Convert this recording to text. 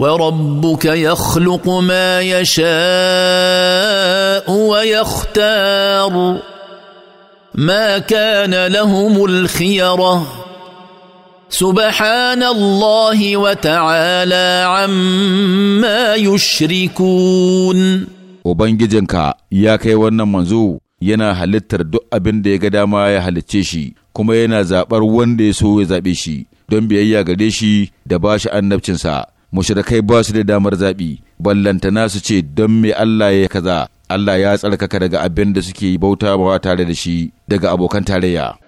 وربك يخلق ma يشاء ويختار ما كان لهم الخيره سبحان الله وتعالى عما يشركون Ubangijinka ya kai wannan manzo yana halittar duk abin da ya ga dama ya halicce shi kuma yana zaɓar wanda ya so ya zaɓe shi don biyayya gare shi da ba shi annabcinsa mushrikai ba su da damar zaɓi ballantana su ce don me Allah ya kaza Allah ya tsarkaka daga abin da suke bauta bawa tare da shi daga abokan tarayya